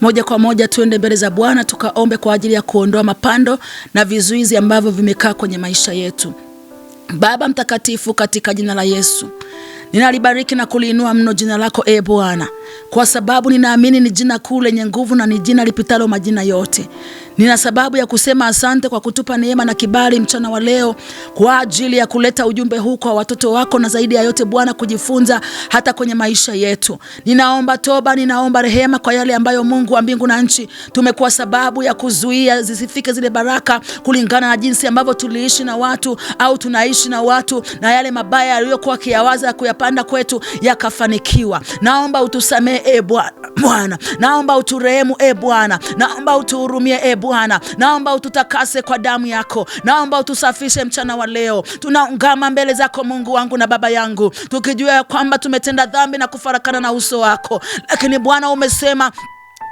Moja kwa moja tuende mbele za Bwana tukaombe kwa ajili ya kuondoa mapando na vizuizi ambavyo vimekaa kwenye maisha yetu. Baba mtakatifu, katika jina la Yesu ninalibariki na kuliinua mno jina lako e Bwana, kwa sababu ninaamini ni jina kuu lenye nguvu na ni jina lipitalo majina yote. Nina sababu ya kusema asante kwa kutupa neema na kibali mchana wa leo kwa ajili ya kuleta ujumbe huu kwa watoto wako, na zaidi ya yote Bwana, kujifunza hata kwenye maisha yetu. Ninaomba toba, ninaomba rehema kwa yale ambayo Mungu wa mbingu na nchi tumekuwa sababu ya kuzuia zisifike zile baraka kulingana na jinsi ambavyo tuliishi na watu au tunaishi na watu, na yale mabaya yaliyokuwa kiawaza ya kuyapanda kwetu yakafanikiwa. Naomba utusamehe e Bwana, naomba uturehemu e Bwana, naomba utuhurumie e Bwana. Bwana, naomba ututakase kwa damu yako, naomba utusafishe mchana wa leo. Tunaungama mbele zako Mungu wangu na Baba yangu, tukijua ya kwamba tumetenda dhambi na kufarakana na uso wako, lakini Bwana umesema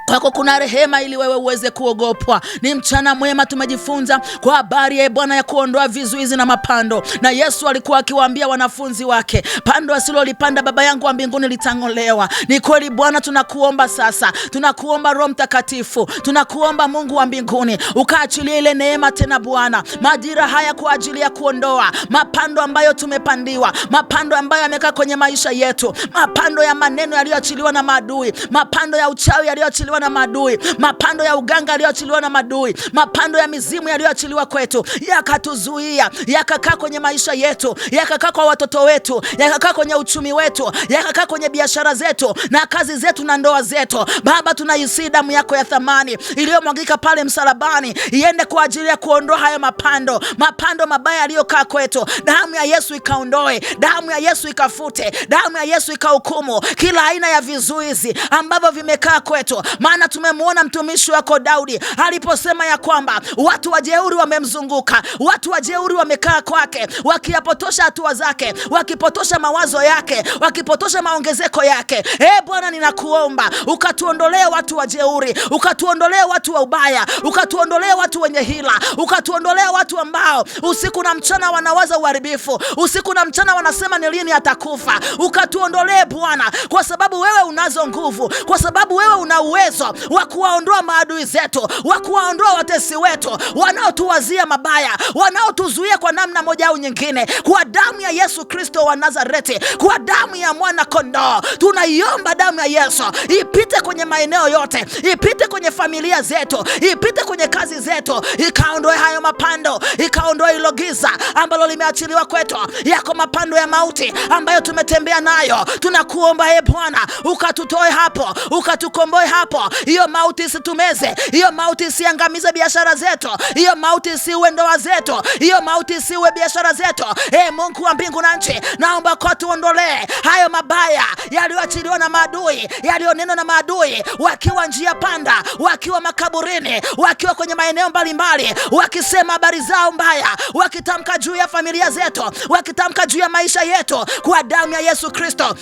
kwako kuna rehema ili wewe uweze kuogopwa. Ni mchana mwema, tumejifunza kwa habari ya Bwana ya kuondoa vizuizi na mapando, na Yesu alikuwa akiwaambia wanafunzi wake, pando asilolipanda Baba yangu wa mbinguni litang'olewa. Ni kweli Bwana, tunakuomba sasa, tunakuomba Roho Mtakatifu, tunakuomba Mungu wa mbinguni ukaachilia ile neema tena Bwana, majira haya kwa ajili ya kuondoa mapando ambayo tumepandiwa, mapando ambayo yamekaa kwenye maisha yetu, mapando ya maneno yaliyoachiliwa na maadui, mapando ya uchawi yaliyoachiliwa yaliyoachiliwa na madui, mapando ya uganga yaliyoachiliwa na madui, mapando ya mizimu yaliyoachiliwa kwetu, yakatuzuia yakakaa kwenye maisha yetu, yakakaa kwa watoto wetu, yakakaa kwenye uchumi wetu, yakakaa kwenye biashara zetu na kazi zetu na ndoa zetu. Baba, tunaisii damu yako ya thamani iliyomwagika pale msalabani iende kwa ajili ya kuondoa hayo mapando, mapando mabaya yaliyokaa kwetu. Damu ya Yesu ikaondoe, damu ya Yesu ikafute, damu ya Yesu ikahukumu kila aina ya vizuizi ambavyo vimekaa kwetu maana tumemwona mtumishi wako Daudi aliposema ya kwamba watu wa jeuri wamemzunguka, watu wa jeuri wamekaa kwake, wakiyapotosha hatua zake, wakipotosha mawazo yake, wakipotosha maongezeko yake. E Bwana, ninakuomba ukatuondolee watu wa jeuri ukatuondolee watu wa ubaya, ukatuondolee watu wenye hila, ukatuondolee watu ambao usiku na mchana wanawaza uharibifu, usiku na mchana wanasema ni lini atakufa. Ukatuondolee Bwana, kwa sababu wewe unazo nguvu, kwa sababu wewe una uwezo uwezo wa kuwaondoa maadui zetu, wa kuwaondoa watesi wetu wanaotuwazia mabaya, wanaotuzuia kwa namna moja au nyingine. Kwa damu ya Yesu Kristo wa Nazareti, kwa damu ya mwana kondoo, tunaiomba damu ya Yesu ipite kwenye maeneo yote, ipite kwenye familia zetu, ipite kwenye kazi zetu, ikaondoe hayo mapando ika ukaondoe hilo giza ambalo limeachiliwa kwetu. Yako mapando ya mauti ambayo tumetembea nayo, tunakuomba e Bwana, ukatutoe hapo, ukatukomboe hapo. Hiyo mauti isitumeze, hiyo mauti isiangamize biashara zetu, hiyo mauti isiue ndoa zetu, hiyo mauti isiue biashara zetu. E Mungu wa mbingu na nchi, naomba kwa tuondolee hayo mabaya yaliyoachiliwa na maadui, yaliyonenwa na maadui, wakiwa njia panda, wakiwa makaburini, wakiwa kwenye maeneo mbalimbali, wakisema habari zao mbaya haya, wakitamka juu ya familia zetu, wakitamka juu ya maisha yetu kwa damu ya Yesu Kristo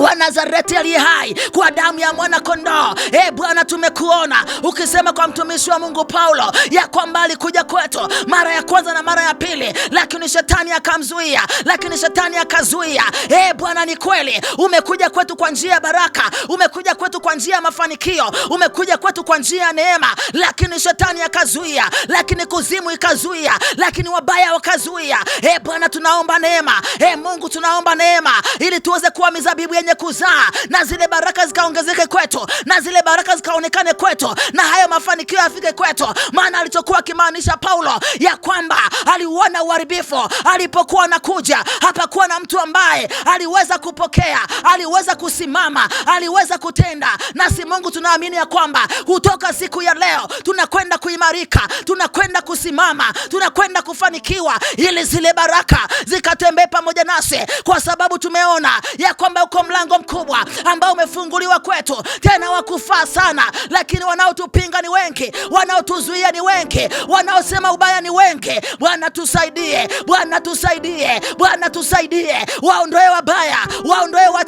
wa Nazareti aliye hai kwa damu ya mwana kondoo. E ee Bwana, tumekuona ukisema kwa mtumishi wa Mungu Paulo ya kwamba alikuja kwetu mara ya kwanza na mara ya pili, lakini shetani akamzuia, lakini shetani akazuia. E Bwana, ni kweli umekuja kwetu kwa njia ya baraka, umekuja kwetu kwa njia ya mafanikio, umekuja kwetu kwa njia ya neema, lakini shetani akazuia, lakini kuzimu ikazuia, lakini wabaya wakazuia. E Bwana, tunaomba neema. E Mungu, tunaomba neema ili tuweze kuwa mizabibu yenye kwenye kuzaa, na zile baraka zikaongezeke kwetu, na zile baraka zikaonekane kwetu, na hayo mafanikio yafike kwetu. Maana alichokuwa akimaanisha Paulo ya kwamba aliuona uharibifu alipokuwa anakuja, hapakuwa na mtu ambaye aliweza kupokea, aliweza kusimama, aliweza kutenda. Nasi Mungu tunaamini ya kwamba kutoka siku ya leo tunakwenda kuimarika, tunakwenda kusimama, tunakwenda kufanikiwa, ili zile baraka zikatembee pamoja nasi, kwa sababu tumeona ya kwamba uko mla mlango mkubwa ambao umefunguliwa kwetu, tena wakufaa sana, lakini wanaotupinga ni wengi, wanaotuzuia ni wengi, wanaosema ubaya ni wengi. Bwana tusaidie, Bwana tusaidie, Bwana tusaidie, waondoe wabaya,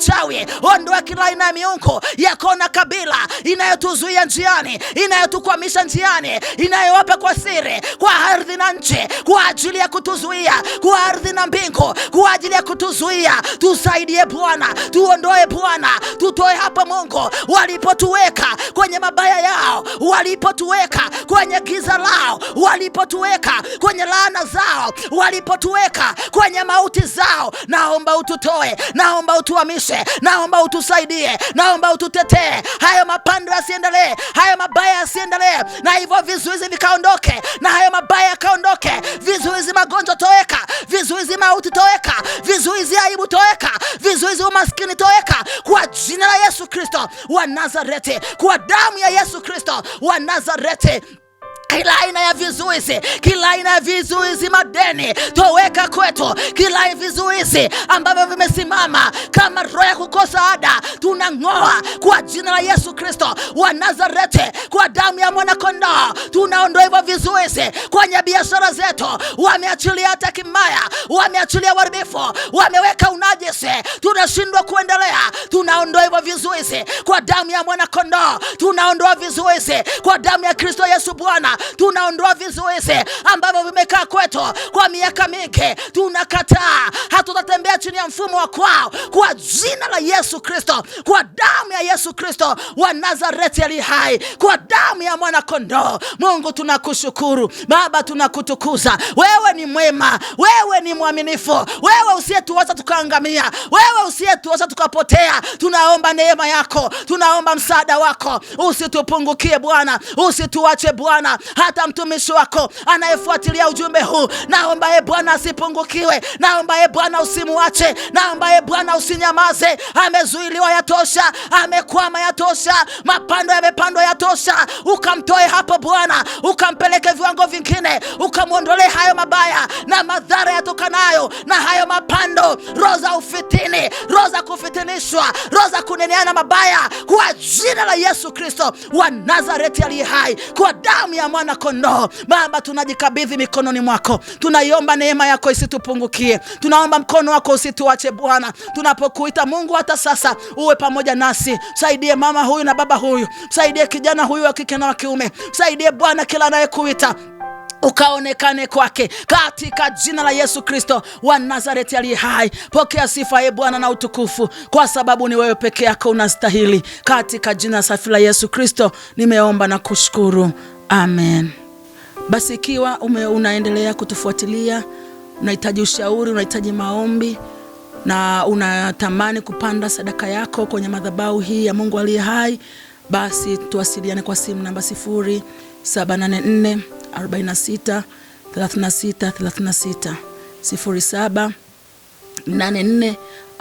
wachawi, ondoa kila aina ya miungu ya kona, kabila inayotuzuia njiani, inayotukwamisha njiani, inayowapa kwa siri, kwa ardhi na nchi, kwa ajili ya kutuzuia, kwa ardhi na mbingu, kwa ajili ya kutuzuia. Tusaidie Bwana, tuondoe Bwana, tutoe hapa Mungu, walipotuweka kwenye mabaya yao, walipotuweka kwenye giza lao, walipotuweka kwenye laana zao, walipotuweka kwenye mauti zao, naomba ututoe, naomba utuamishe tuguse, naomba utusaidie, naomba ututetee, hayo mapando yasiendelee, hayo mabaya yasiendelee, na hivyo vizuizi vikaondoke, na hayo mabaya yakaondoke, vizuizi magonjwa toweka, vizuizi mauti toweka, vizuizi aibu toweka, vizuizi umaskini toweka, kwa jina la Yesu Kristo wa Nazareti, kwa damu ya Yesu Kristo wa Nazareti kila aina ya vizuizi, kila aina ya vizuizi madeni toweka kwetu, kila vizuizi ambavyo vimesimama kama roho ya kukosa ada, tunang'oa kwa jina la Yesu Kristo wa Nazareti, kwa damu ya mwanakondoo tunaondoa hivyo vizuizi kwenye biashara zetu. Wameachilia hata kimaya, wameachilia uharibifu, wameweka unajisi, tunashindwa kuendelea tunaondoa vizuizi kwa damu ya kondoo, tunaondoa vizuizi kwa damu ya Kristo Yesu Bwana, tunaondoa vizuizi ambavyo vimekaa kwetu kwa miaka mingi, tunakataa chini ya mfumo wa kwao, kwa jina la Yesu Kristo, kwa damu ya Yesu Kristo wa Nazareti ali hai, kwa damu ya mwana kondoo. Mungu tunakushukuru Baba, tunakutukuza wewe. Ni mwema, wewe ni mwaminifu, wewe usiyetuacha tukaangamia, wewe usiyetuacha tukapotea. Tunaomba neema yako, tunaomba msaada wako, usitupungukie Bwana, usituache Bwana. Hata mtumishi wako anayefuatilia ujumbe huu, naomba e Bwana asipungukiwe, naomba e Bwana usimuache mwache, na ambaye Bwana usinyamaze. Amezuiliwa yatosha, amekwama yatosha, mapando yamepandwa yatosha. Ukamtoe hapo Bwana, ukampeleke viwango vingine, ukamwondolee hayo mabaya na madhara yatokanayo na hayo mapando, roho za ufitini, roho za kufitinishwa, roho za kuneneana mabaya, kwa jina la Yesu Kristo wa Nazareti aliye hai, kwa damu ya mwana kondoo. Baba, tunajikabidhi mikononi mwako, tunaiomba neema yako isitupungukie, tunaomba mkono wako Usituache Bwana, tunapokuita Mungu, hata sasa uwe pamoja nasi. Msaidie mama huyu na baba huyu, msaidie kijana huyu wa kike na wa kiume, msaidie Bwana kila anayekuita ukaonekane kwake katika jina la Yesu Kristo wa Nazareti aliye hai. Pokea sifa ye ee Bwana na utukufu, kwa sababu ni wewe peke yako unastahili. Katika jina safi la Yesu Kristo nimeomba na kushukuru, amen. Basi ikiwa ume unaendelea kutufuatilia unahitaji ushauri, unahitaji maombi na unatamani kupanda sadaka yako kwenye madhabahu hii ya Mungu aliye hai, basi tuwasiliane kwa simu namba 0784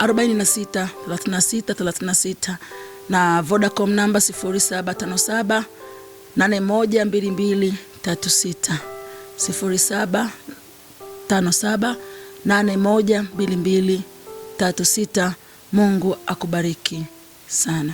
46 na Vodacom namba 0757 812236 57812236. Mungu akubariki sana.